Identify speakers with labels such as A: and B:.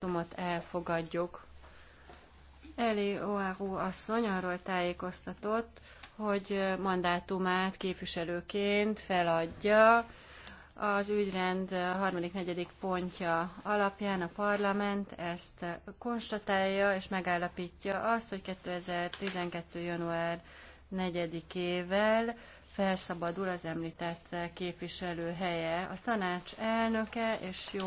A: mandátumot elfogadjuk. Eli Oahu asszony arról tájékoztatott, hogy mandátumát képviselőként feladja az ügyrend harmadik negyedik pontja alapján a parlament ezt konstatálja és megállapítja azt, hogy 2012. január 4-ével felszabadul az említett képviselő helye. A tanács elnöke és jó